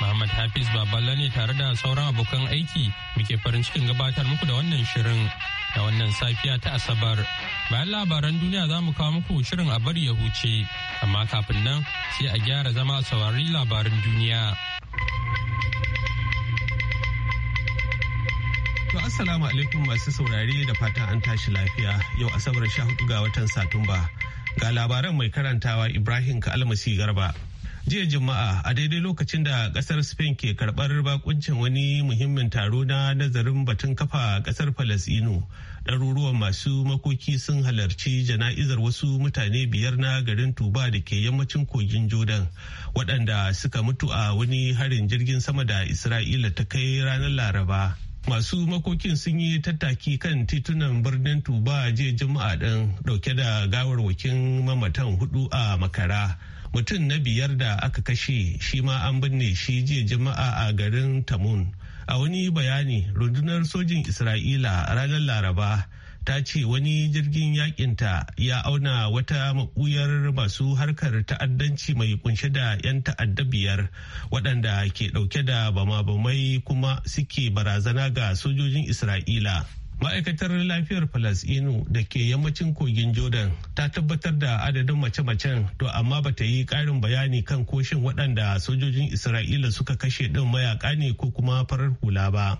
Muhammad Hafiz Baballa ne tare da sauran abokan aiki muke farin cikin gabatar muku da wannan shirin da wannan safiya ta Asabar. Bayan labaran duniya za mu kawo muku shirin a bari ya huce, amma kafin nan sai a gyara zama saurari labarin duniya. To Assalamu alaikum masu saurare da fata an tashi lafiya yau Asabar 14 ga watan Satumba. Ga labaran mai karantawa Ibrahim ka'almasi Garba. jiya juma'a a daidai lokacin da kasar spain ke karbar bakuncin wani muhimmin taro na nazarin batun kafa kasar falasino ɗaruruwan masu makoki sun halarci jana'izar wasu mutane biyar na garin tuba da ke yammacin kogin jordan waɗanda suka mutu a wani harin jirgin sama da isra'ila ta kai ranar laraba masu makokin sun yi tattaki kan titunan birnin tuba jiya juma'a ɗin ɗauke da gawarwakin mamatan hudu a makara mutum na biyar da aka kashe shi ma an binne shi jiya jama'a a garin tamun a wani bayani rundunar sojin isra'ila ranar laraba ta ce wani jirgin yakinta ya auna wata makuyar masu harkar ta'addanci mai kunshe da 'yan ta'adda biyar waɗanda ke ɗauke da bama-bamai kuma suke barazana ga sojojin isra'ila ma'aikatar lafiyar falasinu da ke yammacin kogin jordan ta tabbatar da adadin mace-macen to amma ba ta yi ƙarin bayani kan koshin waɗanda sojojin isra'ila suka kashe ɗin mayaƙa ne ko kuma farar hula ba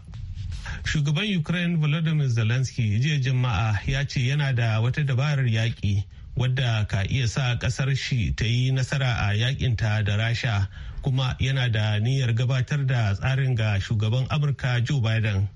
shugaban ukraine volodymyr zelensky jiya jama'a ya ce yana da wata dabarar yaƙi wadda ka iya sa ƙasar shi ta yi nasara a ta da rasha kuma yana da niyyar gabatar da tsarin ga shugaban amurka joe biden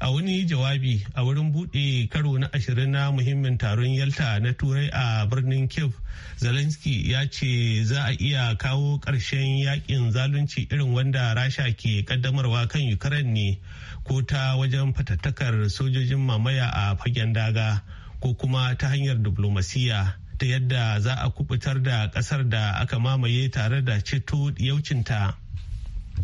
a wani jawabi a wurin buɗe karo na ashirin na muhimmin taron yalta na turai a birnin kiev zelensky ya ce za a iya kawo ƙarshen yakin zalunci irin wanda rasha ke ƙaddamarwa kan ukraine ne ko ta wajen fatattakar sojojin mamaya a fagen daga ko kuma ta hanyar diplomasiya ta yadda za a kubutar da ƙasar da aka mamaye tare da ceto yaucinta.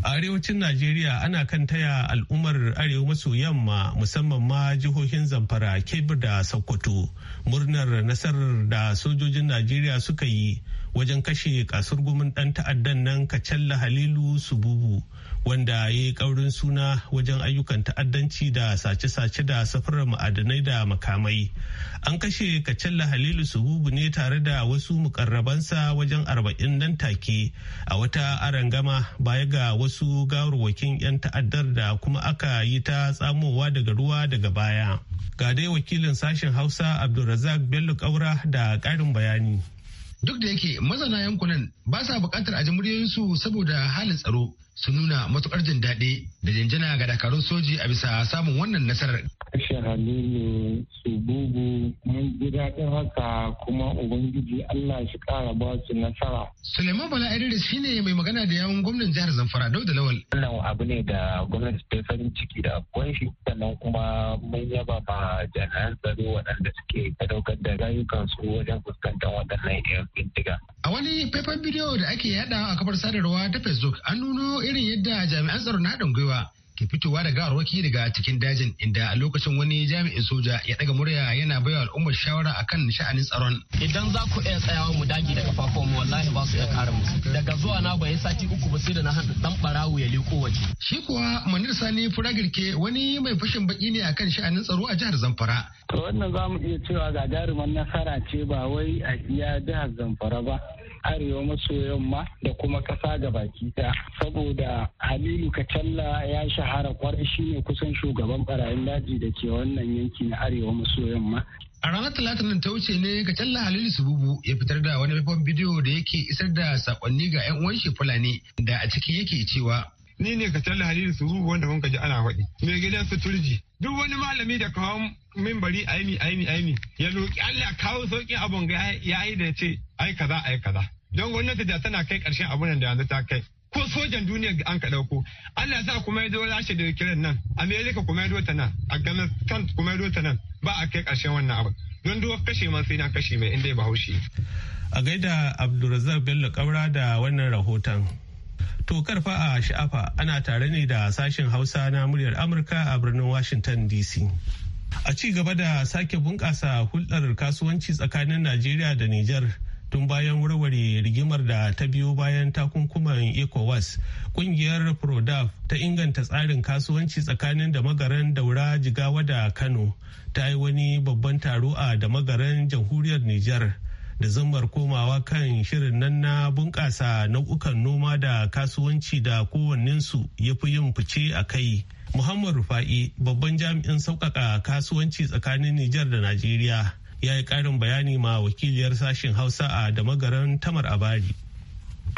A arewacin Najeriya ana kan taya al'ummar arewa maso yamma musamman ma jihohin Zamfara, Kebbi da Sokoto murnar nasarar da sojojin Najeriya suka yi wajen kashe kasar gumin dan ta'addan nan kacalla halilu sububu wanda ya yi kaurin suna wajen ayyukan ta'addanci da sace-sace da safarar ma'adanai da makamai an kashe kacalla halilu sububu ne tare da wasu mukarrabansa wajen arba'in nan take a wata arangama baya ga wasu gawarwakin 'yan ta'addar da kuma aka yi ta tsamowa daga ruwa daga baya ga dai wakilin sashen hausa abdulrazak bello kaura da ƙarin bayani duk da yake mazana yankunan ba sa bukatar a su saboda halin tsaro sun nuna matukar jin daɗi da jinjina ga dakarun soji a bisa samun wannan nasarar. Kashe Halilu Subugu mun ji daɗin haka kuma Ubangiji Allah shi ƙara ba su nasara. Suleiman Bala Idris shi ne mai magana da yawun gwamnan jihar Zamfara da Lawal. Wannan abu ne da gwamnati ta farin ciki da akwai shi sannan kuma mun yaba ba jami'an tsaro waɗanda suke sadaukar da rayukan su wajen fuskantar waɗannan 'yan bindiga. A wani faifan bidiyo da ake yaɗa a kafar sadarwa ta Facebook an nuno irin yadda jami'an tsaro na haɗin gwiwa ke fitowa da gawarwaki daga cikin dajin inda a lokacin wani jami'in soja ya ɗaga murya yana baiwa al'ummar shawara akan sha'anin tsaron. Idan za ku iya tsayawa mu dagi da kafafun mu wallahi ba su iya kare mu. Daga zuwa na bayan sati uku ba sai da na hada dan barawu ya liko waje. Shi kuwa Manir Sani Furagirke wani mai fashin baki ne akan sha'anin tsaro a jihar Zamfara. To wannan za mu iya cewa ga jaruman nasara ce ba wai a iya jihar Zamfara ba. arewa maso yamma da kuma kasa ga baki ta saboda halilu kacalla ya shahara kwarai shine kusan shugaban barayin daji da ke wannan yanki na arewa maso yamma A ranar talatin ta wuce ne ga Halilu Sububu ya fitar da wani faifan bidiyo da yake isar da sakonni ga 'yan uwan Fulani da a ciki yake cewa. Ni ne ka Halilu Sububu wanda kun ji ana faɗi. Mai gidan turji Duk wani malami da kawo mimbari aimi aimi aimi ya roƙi Allah kawo sauƙin abun ga ya yi da ce ai kaza ai kaza. don gwamnati da tana kai karshen abin da yanzu ta kai ko sojan duniya an ka dauko Allah sa kuma ya zo lashe da kiran nan America kuma ya zo ta nan kan kuma ya zo ta nan ba a kai karshen wannan abu don duk kashe man sai na kashe mai inda ba haushi a gaida Abdulrazak Bello Kaura da wannan rahoton To karfa a sha'afa ana tare ne da sashen Hausa na muryar Amurka a birnin Washington DC. A ci gaba da sake bunƙasa hulɗar kasuwanci tsakanin Najeriya da Nijar tun bayan warware rigimar da ta biyo bayan takunkuman ecowas kungiyar prodaf ta inganta tsarin kasuwanci tsakanin da magaran daura jigawa da kano ta yi wani babban taro a da magaran jamhuriyar niger da zammar komawa kan shirin nan na bunƙasa nau'ukan noma da kasuwanci da kowanninsu ya fi yin fice a kai. Muhammad Rufa'i babban jami'in sauƙaƙa kasuwanci tsakanin Nijar da Najeriya ya yi ƙarin bayani ma wakiliyar sashen hausa a damagaran tamar abari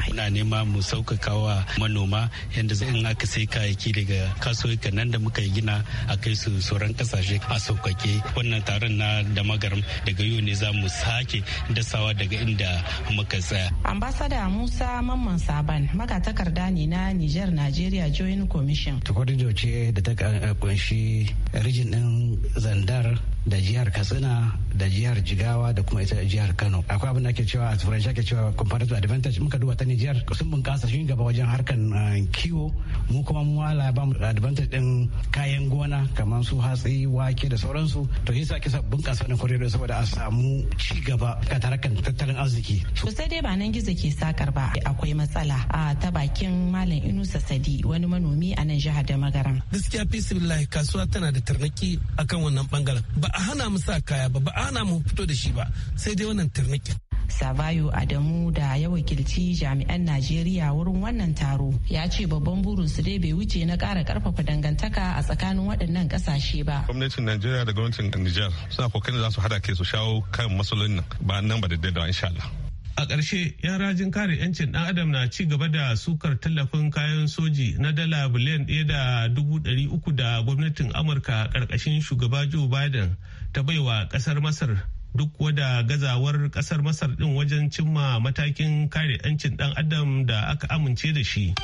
muna nema mu sauƙaƙa wa manoma yadda in aka sai kayayyaki daga kasuwa nan da muka gina a kai su sauran kasashe a sauƙaƙe wannan taron na da magaram daga yau ne za mu sake dasawa daga inda muka tsaya. ambasada musa mamman saban magatakarda ne na niger nigeria joint commission. tukwadido ce da ta kunshi eh, rijin din zandar da jihar katsina da jihar jigawa da kuma ita jihar kano akwai abin da ake cewa a turanci ake cewa comparative advantage muka duba ta ne Nijar sun bunkasa shi gaba wajen harkan eh, kiwo mu kuma mu wala ba mu advantage din kayan gona kamar su hatsi wake da sauransu to yasa kisa bunkasa na kwarewa saboda a samu ci gaba ga tarakan tattalin arziki. Sosai dai ba nan gizo ke sakar ba akwai matsala a ta bakin Malam Inusa Sadi wani manomi a nan jihar da magaran. Gaskiya bismillah kasuwa tana da tarnaki akan wannan bangaren ba a hana mu sa kaya ba ba a hana mu fito da shi ba sai dai wannan tarnakin. sabayo adamu da ya wakilci jami'an najeriya wurin wannan taro ya ce babban burinsu dai bai wuce na ƙara karfafa dangantaka a tsakanin waɗannan kasashe ba gwamnatin najeriya da gwamnatin nijar suna kokarin za su hada ke su shawo kan matsalolin nan ba nan ba da daidaiwa insha Allah A ƙarshe, yan rajin kare 'yancin ɗan adam na ci gaba da sukar tallafin kayan soji na dala biliyan ɗaya da dubu ɗari uku da gwamnatin Amurka ƙarƙashin shugaba Joe Biden ta baiwa ƙasar Masar duk wada gazawar kasar masar din wajen cimma matakin kare 'yancin dan adam da aka amince da shi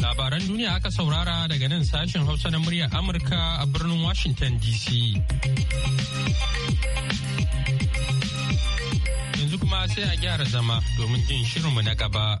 labaran duniya aka saurara daga nan sashen hausa na muryar amurka a birnin washington dc yanzu kuma sai a gyara zama domin jin shirinmu na gaba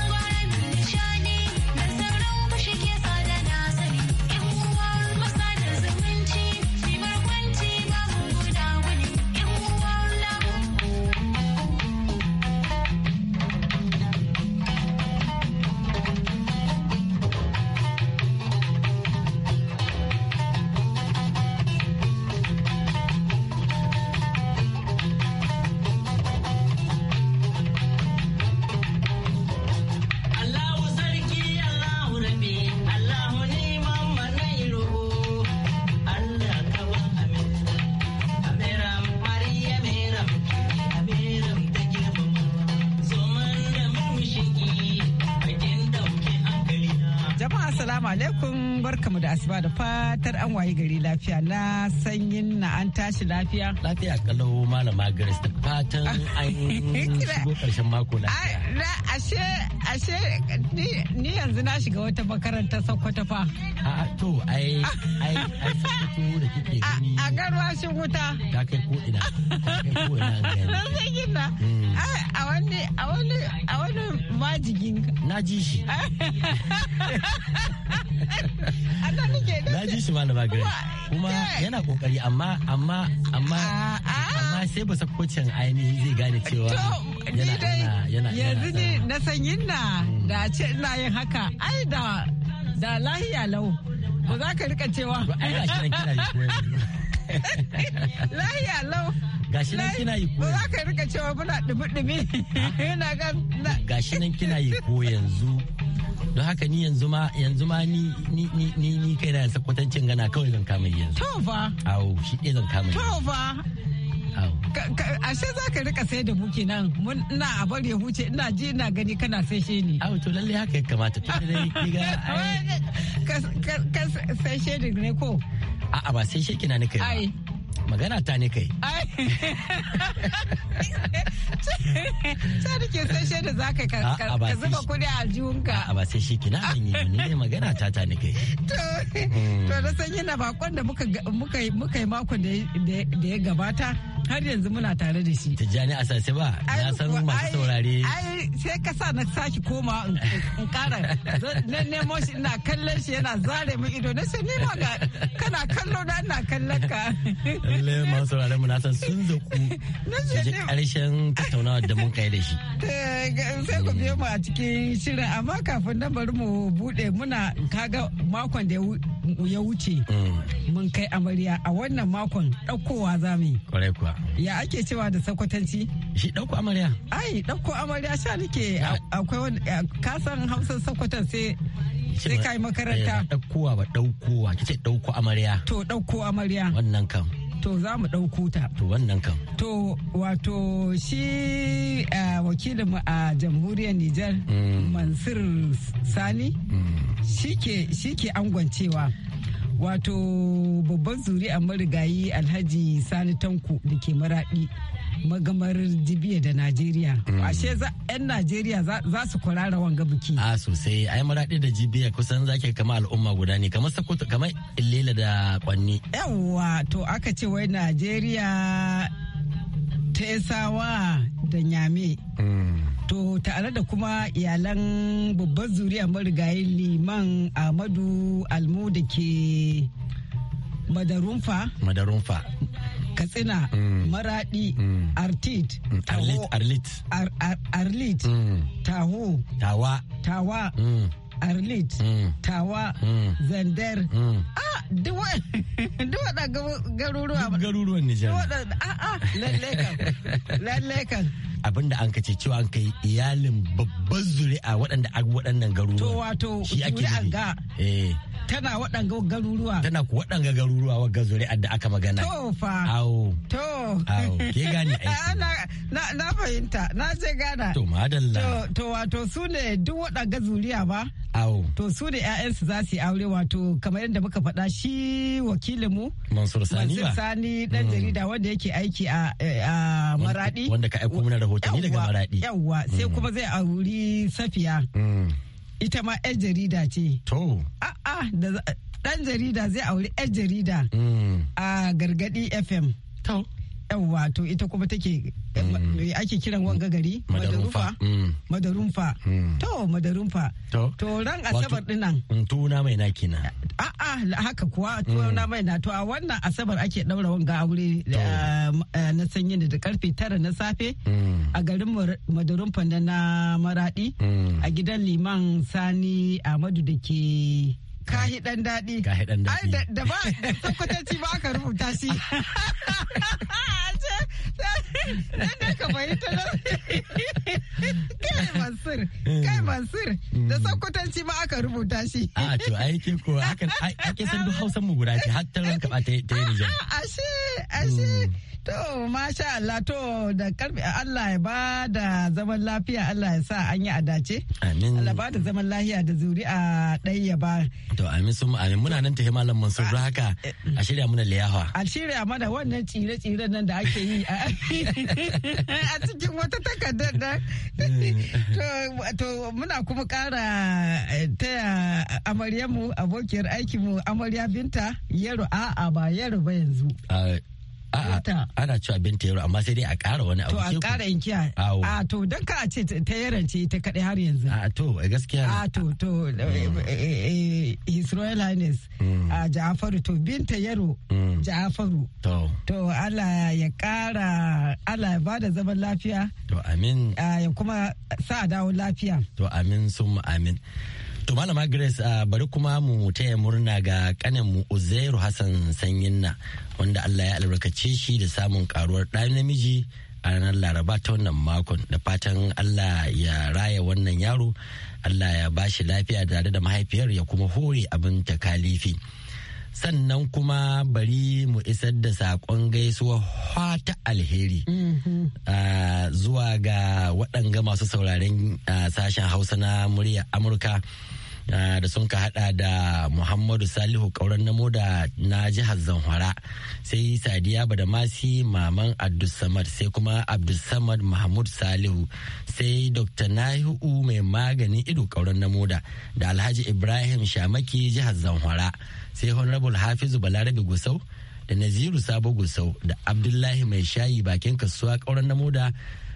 da fatar an wayi gari lafiya na sanyin na an tashi lafiya. Lafiya kalau malama garis da fatan an shigo karshen mako lafiya. Ashe, ashe, ni yanzu na shiga wata makaranta sakwata fa. to ai ai ai fito da kike gani a garwashin wuta ta kai ko ina ta kai ko ina na mm. a wani a wani a wani majigin na ji shi ana na ji shi malama gari kuma yana kokari amma amma amma amma sai ba sakwacin ainihi zai gane cewa yana yana yanzu ne na sanyin na mm. da ce ina yin haka ai da da lahiya lau ba za ka rika cewa ai gashi nan kina yi koyi lahiya lau gashi nan kina yi koyi ba za ka rika cewa muna dubi dumi yana ga gashi nan kina yi ko yanzu don haka ni yanzu ma yanzu ma ni ni ni ni ni kai na sakwatancin gana kawai zan kama yanzu to fa awo shi ɗaya zan kama to fa ashe za ka rika sai da muke nan ina a bar ya huce ina ji ina gani kana sai shi ni awo to lalle haka ya kamata to dai kiga sai shedi ne ko a'a ba sai shedi na magana ta ne kai. sai da ke sai da za ka zuba kudi a aljihunka. A ba sai shi kina yi ne magana ta ta ne kai. To, to na san yana bakon da muka yi makon da ya gabata. har yanzu muna tare da shi tijjani a sase ba na san masu saurare ai sai ka sa na saki koma in kara na nemo shi ina kallon shi yana zare mu ido na sai nima ga kana kallo na ina kallon ka lalle masu saurare mu na san sun zaku su ji karshen tattaunawa da mun kai da shi eh, sai ku biyo mu a cikin shirin amma kafin nan bari mu bude muna kaga makon da ya wuce mm. mun kai amarya a wannan makon ɗaukowa za mu yi kwarai kuwa ya ake cewa da sakwatanci shi ɗauko amarya ai ɗauko amarya sha nake akwai wani kasan hausan sakwatan sai sai kai makaranta ɗaukowa ba ɗaukowa kice ɗauko amarya to ɗauko amarya wannan kam to za mu ɗauko ta to wannan kam to wato shi eh, wakilinmu a jamhuriyar Nijar mm. Mansur Sani mm. shi ke angwancewa cewa wato babban zuri'a marigayi alhaji sani tanko da ke maraɗi magamar jibiya da najeriya mm. ashe 'yan najeriya za su kwarara wanga biki a ah, sosai ai maraɗi da jibiya kusan zaki kama al'umma guda ne kamar sakoto kamar illila da kwanni yawwa to aka ce wai najeriya ta wa da nyame mm. to tare da kuma iyalan babban zuriya marigayen liman ahmadu almu da ke madarunfa madarunfa katsina mm. maradi mm. artit arlit arlit taho tawa tawa arlit tawa zandar a duk waɗanda garuruwa garuruwan nijar a'a ah, ah, lallai kan lallai kan abin da an ka ce cewa an kai iyalin babban zuri'a waɗanda waɗannan garuruwa to wato zuri'a ga eh. tana waɗanga garuruwa tana ku waɗanga garuruwa wa zuri'ar Adda aka magana to fa awo to awo ke gane aiki na na fahimta na je gana to madalla to wato su ne duk waɗanga zuriya ba awo to su ne ƴaƴansu za su yi aure wato kamar yadda muka faɗa shi wakilinmu Mansur Sani ba. Mansur Sani dan hmm. jarida wanda yake aiki a Maradi wanda ka aika mana rahotanni daga Maradi yawwa sai hmm. kuma zai auri Safiya hmm. ita ma 'yar jarida ce. To. A'a da ɗan jarida zai auri 'yar jarida mm. a gargaɗi FM. To. yawwa to ita kuma take mm. eh, ake kiran wanga gari madarumfa madarumfa mm. mm. to madarumfa to ran asabar dinan tuna mai na kina a'a haka kuwa tuna mai na to a wannan asabar ake daura wanga aure eh, eh, na sanyin da karfe tara na safe a garin madarumfa na maradi a gidan liman sani ahmadu da ke kahi dan daɗi. Kahi dan daɗi. Ai da ba sakwatanci ba aka rubuta shi. Dan da ka fahimta na kai Mansur kai Mansur da mm. sakkwatanci ma aka rubuta shi. A to ai ko ake san duk Hausan mu guda ce har ta ranka ba ta yi Nijar. Ashe ashe. Mm. To, masha Allah, to da karfi Allah ya ba da zaman lafiya Allah ya sa an yi adace. Amin. Allah ba da zaman lafiya da zuri ɗai ya ba. To, amin sun amin muna nan ta himalan Mansur don haka a shirya muna liyawa. A shirya mana wannan tsire cire nan da ake yi a cikin wata takardar nan. To, muna kuma kara eh, taya amaryarmu abokiyar aikinmu amarya binta yaro a'a ba yaro ba yanzu. Ana cewa Binta Yaro amma sai dai a ƙara wani abu. To a ƙara inkiya. A to don ka ce ta yaron ce ta kaɗai har yanzu. A to gaskiya. A to to eh, eh, mm. eh, His Royal Highness. Mm. A ah, Ja'afaru to Binta Yaro. Mm. Ja'afaru. To. To Allah ya ƙara Allah ya bada zaman lafiya. To amin. Ah, ya kuma sa dawo lafiya. To amin sun amin. To Malama Grace uh, bari kuma mu taya murna ga mu Uzairu Hassan Sanyinna wanda Allah ya albarkace shi da samun karuwar ɗan namiji a ranar Laraba ta wannan makon da fatan Allah ya raya wannan yaro Allah ya bashi lafiya tare da mahaifiyar ya kuma hore abin takalifi. kalifi. sannan kuma bari mu isar da saƙon gaisuwa ta alheri mm-hmm. zuwa ga waɗanga masu sauraren sashen hausa na murya amurka. Na ah, da sun ka hada da muhammadu salihu kauran namo da na jihar Zanhara sai sadiya badamasi maman abdulsamad sai kuma abdulsamad mahmud salihu sai dr nahiu mai maganin ido kauran namo da alhaji ibrahim shamaki jihar Zanhara sai honorable hafizu balarabe gusau da naziru sabo gusau da abdullahi mai shayi bakin kasuwa kauran namo da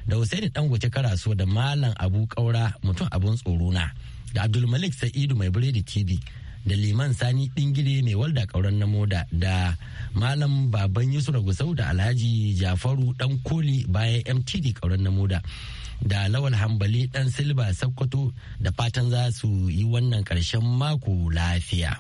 da Husaini Dangote Karaso da Malam Abu Kaura mutum abun tsoro na. da abdulmalik sa'idu mai biredi tv da liman sani dingire mai walda kauran na moda da malam baban yusuf gusau da alhaji jafaru dan koli bayan mtd kauran na moda da lawal hambali dan silba sakkwato da fatan za su yi wannan karshen mako lafiya.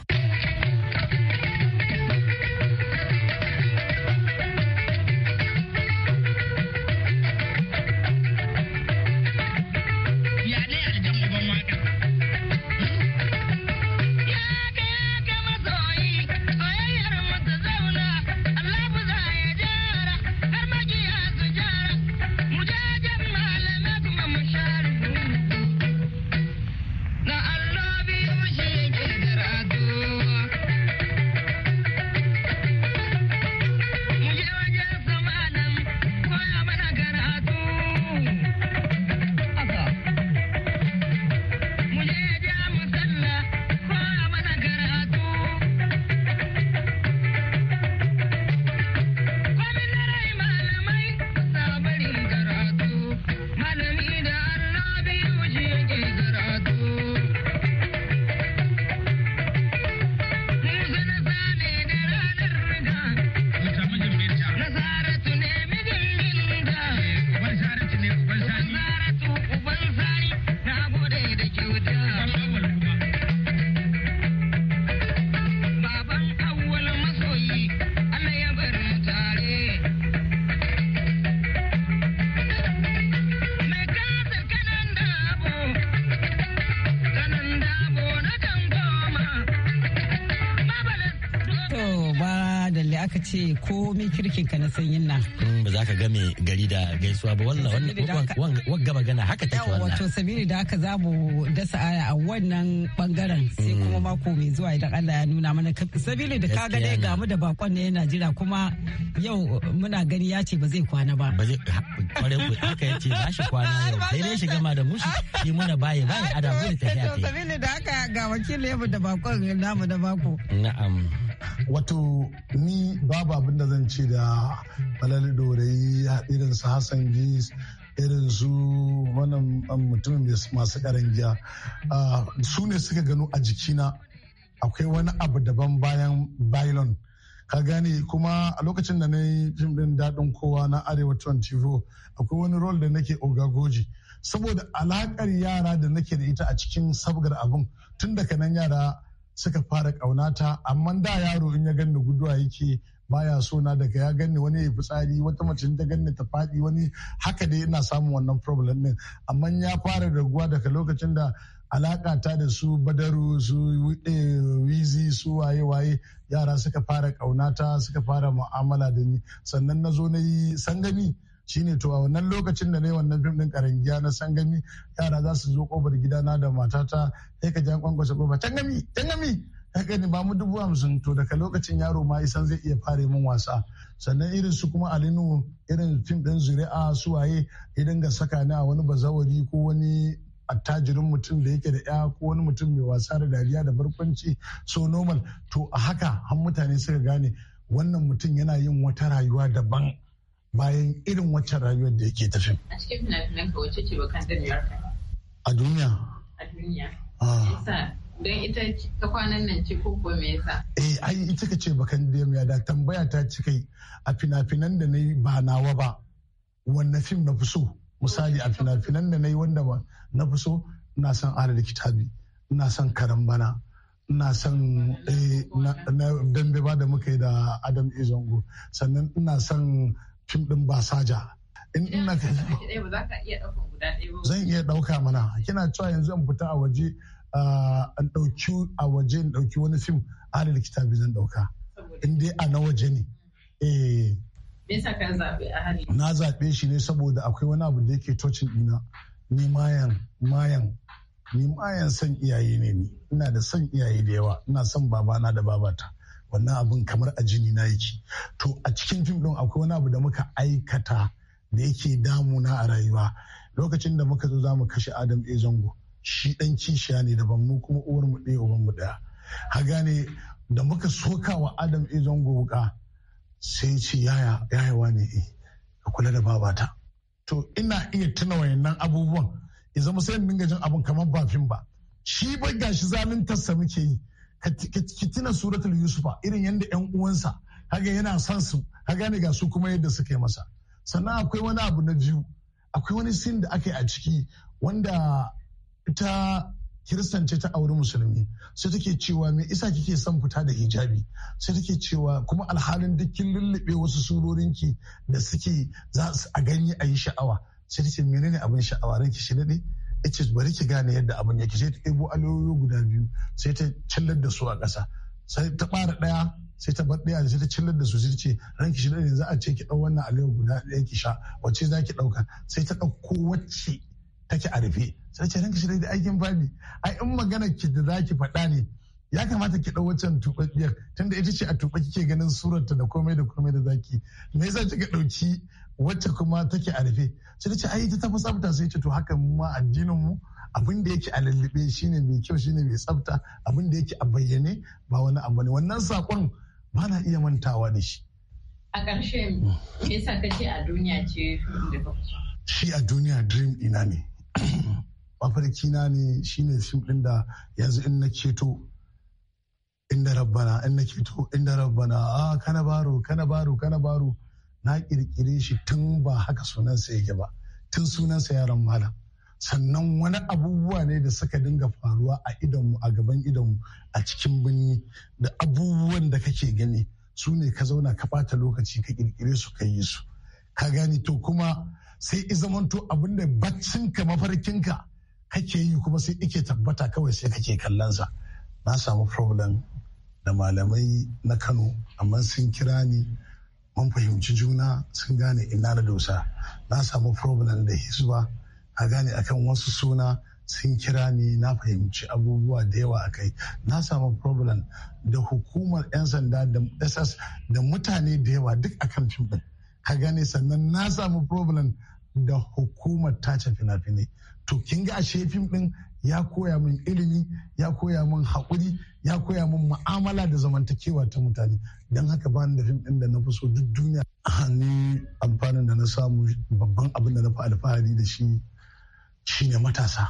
ce mai kirkin ka na sanyin nan. Mm, ba za ka game gari da gaisuwa ba wannan gaba gana haka take wannan. Wato sabiri da haka za mu dasa aya a wannan bangaren sai mm. kuma mako mai zuwa idan Allah ya nuna mana sabiri da kaga dai ga mu da bakon ne yana jira kuma yau muna gani ya ce ba zai kwana ba. Ba zai kware ku haka yace ba shi kwana yau sai dai shi gama da mushi shi muna baye baye adabu da tafiya. Sabiri da haka ga wakilin mu da bakon namu da bako. Na'am. wato ni babu abin da zan ce da falali dorayi irin su hassan gis irin su wannan um, mutumin masu karin giya ah, su ne suka gano a jikina akwai wani abu daban bayan bailon ka gane kuma a lokacin da na yi fim din daɗin kowa na arewa 24 akwai wani rol da nake ogagoji saboda alaƙar yara da nake da ita a cikin sabgar abin tun daga nan yara suka fara ƙaunata amma da yaro in ya ganni guduwa yake baya so na daga ya ganni wani ya fitsari wata mace ta ganni ta faɗi wani haka dai yana samun wannan problem din amma ya fara raguwa daga lokacin da alaka ta da su badaru su wizi su waye waye yara suka fara ƙaunata suka fara mu'amala da ni sannan na zo na yi sangani. shine to a wannan lokacin da ne wannan fim din karangiya na sangami yara za su zo kofar gidana da matata sai ka jan kwankwasa kofa tangami tangami ka ne ba mu dubu hamsin to daga lokacin yaro ma isan zai iya fare min wasa sannan irin su kuma alinu irin fim din zuri'a su waye idan ga saka ni a wani bazawari ko wani attajirin mutum da yake da ya ko wani mutum mai wasa da dariya da barkwanci so normal to a haka har mutane suka gane wannan mutum yana yin wata rayuwa daban bayan irin wacce rayuwar da yake tafi. A cikin finafinan ka wacce ce bakan A duniya. A duniya. Ah. Don ita ta kwanan nan ce ko ko me Eh ai ita ka ce bakan daniyar da tambaya ta ci kai a finafinan da na yi ba nawa ba wanne fim na fi so misali a finafinan da na yi wanda na fi so ina son adada kitabi ina son karambana ina son eh, dambe ba da muka yi da adam izongo sannan ina son fim ɗin basaja in ina ka zan iya ɗauka mana kina cewa yanzu in fita a waje an ɗauki a waje in ɗauki wani fim a likita likita zan ɗauka in dai a na waje ne eh na zaɓe shi ne saboda akwai wani abu da yake tocin ɗina ni mayan mayan ni mayan son iyaye ne ni ina da son iyaye da yawa ina son babana da babata wannan abin kamar a jini na yake to a cikin fim ɗin akwai wani abu da muka aikata da yake damuna a rayuwa lokacin da muka zo zamu kashe adam a zango shi dan kishiya ne daban mu kuma uwar mu ɗaya uban mu ɗaya ha gane da muka soka wa adam a zango wuka sai ce yaya yayawa ne eh, ka kula da babata to ina iya tuna wayannan abubuwan ya zama sai dinga jin abin kamar ba fim ba shi ba gashi tassa muke yi Ka suratul yusufa irin yadda yan uwansa haga yana son su haga ne ga su kuma yadda suka yi masa sannan akwai wani abu na biyu akwai wani sin da aka yi a ciki wanda ita kiristance ta auri musulmi sai take cewa me isa kike son fita da hijabi sai take cewa kuma alhalin dukkin lullube wasu surorinki da suke za su a ganye a yi sha'awa sai take menene abin sha'awa ranki shi daɗe ya ce bari ki gane yadda abin yake sai ta ɗebo alayoyi guda biyu sai ta cillar da su a ƙasa sai ta ɓara ɗaya sai ta bar ɗaya sai ta cillar da su sai ta ce ranki shi ne za a ce ki ɗau wannan alayoyi guda ɗaya ki sha wacce za ki ɗauka sai ta ɗauko wacce take a rufe sai ta ce ranki shi ne da aikin fadi ai in magana ki da za ki faɗa ne ya kamata ki dau wancan tubabbiyar tunda ita ce a tuba kike ganin surarta da komai da komai da zaki me yasa kika ɗauki wacce kuma take a rufe sai ta ce ai ita ta fi tsafta sai ta to haka mu ma addinin mu abin da yake a lallube shine mai kyau shine mai tsafta abin da yake a bayyane ba wani abu ne wannan sakon ba na iya mantawa da shi a ƙarshe me yasa kace a duniya ce da ka shi a duniya dream ina ne mafarki na ne shine fim din da yanzu in na ceto inda rabbana inda to inda rabbana a kana baro kana baro kana baro na kirkire shi tun ba haka sunansa yake ba tun sunansa yaran malam sannan wani abubuwa ne da suka dinga faruwa a idonmu a gaban idonmu a cikin birni da abubuwan da kake gani su ne ka zauna ka bata lokaci ka kirkire su ka yi su ka gani to kuma sai izamanto abin da baccinka mafarkinka kake yi kuma sai ike tabbata kawai sai kake kallonsa na samu problem da malamai na kano amma sun kira ni mun fahimci juna sun gane ina da dosa na samu problem da hisba a gane akan wasu suna sun kira ni na fahimci abubuwa da yawa a kai na samu problem da hukumar 'yan sanda da ss da mutane da yawa duk akan fim ɗin. ka gane sannan na samu problem da hukumar tace fina-finai to kin ga ashe fim din ya koya min ilimi ya koya min haƙuri ya koya min ma'amala da zamantakewa ta mutane don haka bani da fim ɗin da na fi so duk duniya ni amfanin da na samu babban abin da na fi alfahari da shi shine matasa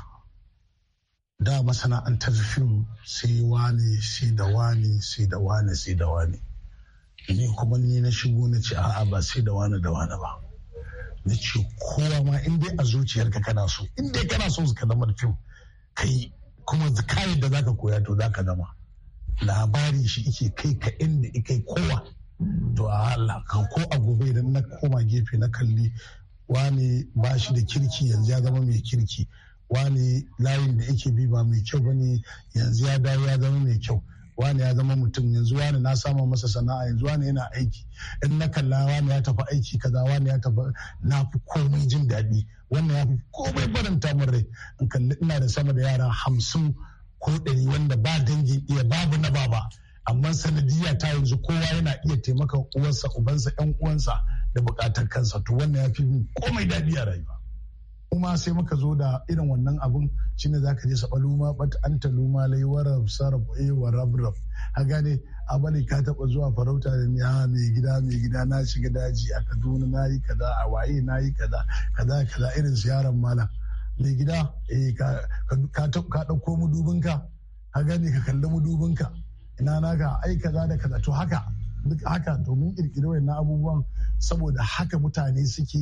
da masana'antar fim sai wane sai da wane sai da wane sai da wane ni kuma ni na shigo na ce a'a ba sai da wane da wane ba na ce kowa ma in dai a zuciyarka kana so in dai kana so ka zama da fim kai kuma kayan da zaka koya to zaka zama Labari shi ike kai ka inda ike kowa to a Allah kan ko a gobe idan na koma gefe na kalli wani ba shi da kirki yanzu ya zama mai kirki wani layin da yake bi ba mai kyau bane yanzu ya dawo ya zama mai kyau wani ya zama mutum yanzu wani na sama masa sana'a yanzu wani yana aiki in na kalla wani ya tafi aiki kaza wani ya tafi na fi komai jin daɗi wannan ya fi komai barin tamar rai in kalli ina da sama da yara hamsin kurɗari wanda ba dangi iya babu na baba amma sanadiyya ta yanzu kowa yana iya taimakon uwansa ubansa yan uwansa da bukatar kansa to wannan ya fi komai daɗi a rayuwa kuma sai muka zo da irin wannan abun shine zaka je saba luma bat anta luma lai sarab eh warab rab ha gane abali ka taba zuwa farauta da ni ha ah, mai gida mai gida na shiga daji a Kaduna na yi kaza a waye na yi kaza kaza kaza irin ziyarar malam mai gida eh, ka ɗauko mudubinka ka gani ka kalli mudubinka ina naka ai kaza da kaza to haka duk haka domin kirkiri na abubuwan saboda haka mutane suke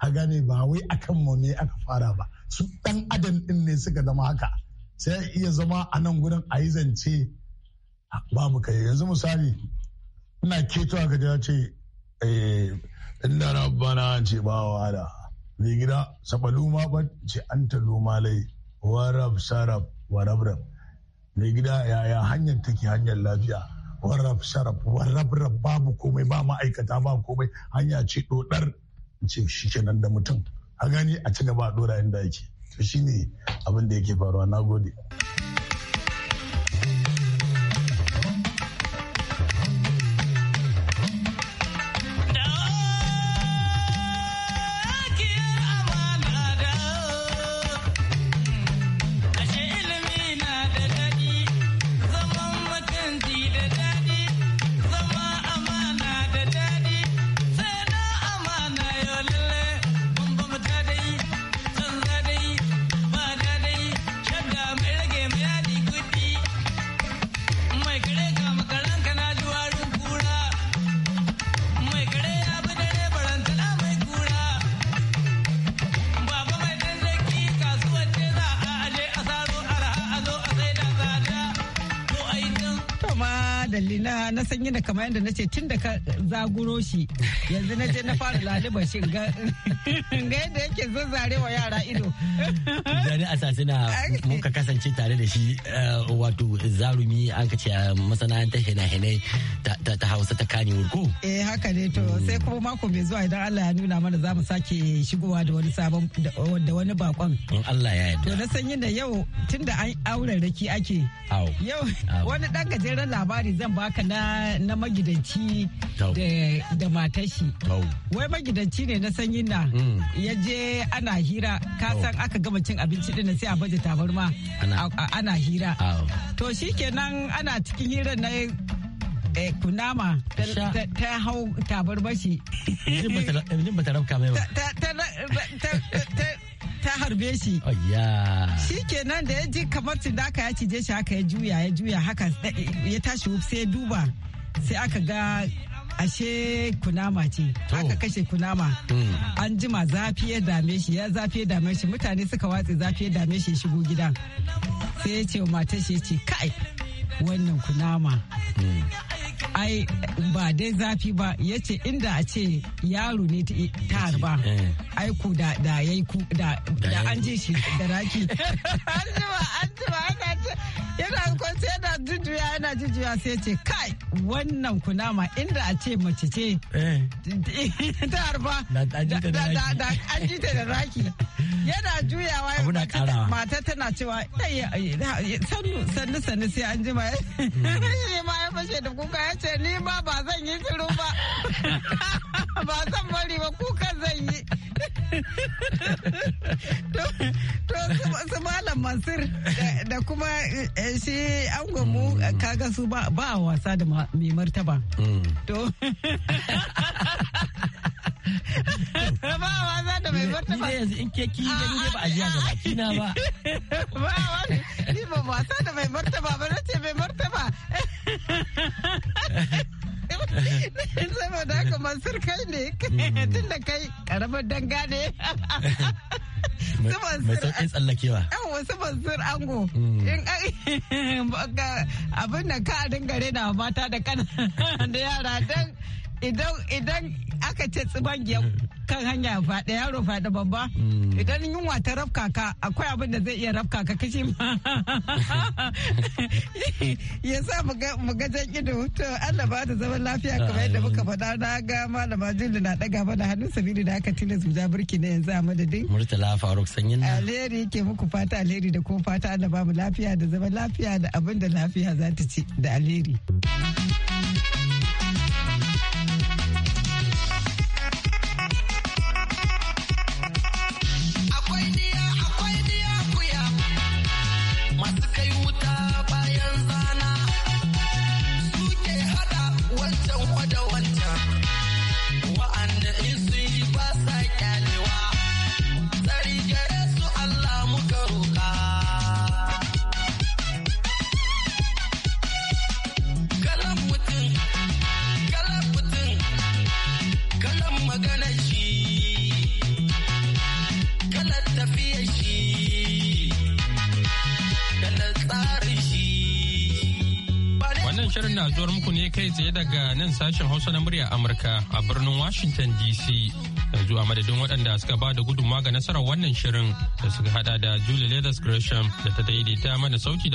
ka gane ba wai akan mu ne aka fara ba su ɗan adam ɗin ne suka zama haka sai iya zama a nan gurin a yi zance ah, babu kai yanzu misali ina ketowa ka ce eh, inda bana ce ba wahala mai gida sabaluma ba ce an taluma lai warab sarab warabrab rab mai gida yaya hanyar take hanyar lafiya warab sarab warab babu komai ba ma'aikata ba komai hanya ce dodar ce shi kenan da mutum a gani a ci gaba dora inda yake to shine abin da yake faruwa na gode kamar yadda na ce tun da ka zaguro shi yanzu na je na fara laliba shi ga yadda yake zazzare wa yara ido zani asasina muka kasance tare da shi eh, wato zarumi an ka ce eh, masana'antar hina hina ta hausa ta kani wurko eh haka ne to sai kuma mako mai zuwa idan Allah ya nuna mana za mu sake shigowa da wani sabon da wani bakon in Allah ya yarda to na san yin da yau tunda an auren raki ake yau wani dan gajeren labari zan baka na na magidanci da matashi wai magidanci ne na sanyi na mm. ya je ana hira ka san aka gama cin abinci din sai a baje tabarma ana hira to shikenan ana cikin hirar na eh, kunama ta hau tabar bashi. Jin bata rabka mai ba. Ta harbe shi. Shi kenan da ya ji kamar daka ya cije shi haka ya juya ya juya haka eh, ya tashi sai ya duba. sai aka ga ashe kunama ce aka kashe kunama hmm. an jima zafi ya dame shi ya zafi ya dame shi mutane suka watse zafi ya dame shi shigo gidan sai ya ce matar shi ce kai wannan kunama hmm. ai ba dai zafi ba ya ce inda a ce yaro ne ta harba eh. ai ku da da yayi ku da an ji shi da raki an jima an jima an yana kwanci yana jujjuya yana jujjuya sai ce kai wannan kunama inda a ce mace ce eh. ta harba da an ji ta da raki yana juyawa mata tana cewa sannu sannu sannu sai an ji ma hmm. shi ma ya fashe da kuka ya ce ni ba ba zan yi shiru ba ba zan bari ba kuka zan yi to su malam mansur da kuma eh, sai an mu kaga su ba a wasa da mai martaba. To. ba a wasa da mai martaba. Ni yanzu in ke kin gani ba a jiya gaba kina ba. Ba wani ni ba wasa da mai martaba ba na ce mai martaba. saboda haka mansur kai ne mm. tun da kai karamar danga ne mai sauƙin tsallakewa yan wasu mansur ango mm. abin da ka dinga rena mata da kana da yara dan idan aka ce tsiban kan hanya faɗa yaro faɗa babba hmm. idan yunwa ta rafka ka akwai abin da zai iya rafka ka kashi ma ya sa mu ido to Allah ba ta zaman lafiya kamar yadda muka faɗa na ga malama Julu na ɗaga mana hannun sabili da aka tilas mu ja na yanzu a madadin Murtala Faruk sanyin na alheri ke muku fata alheri da kuma fata Allah ba mu lafiya da zaman lafiya da abin da lafiya za ta ci da alheri. kai tsaye daga nan sashen Hausa na murya Amurka a birnin Washington DC. Yanzu a madadin waɗanda suka ba da gudunmawa ga nasarar wannan shirin da suka hada da Julie Leathers Gresham da ta daidaita mana sauti da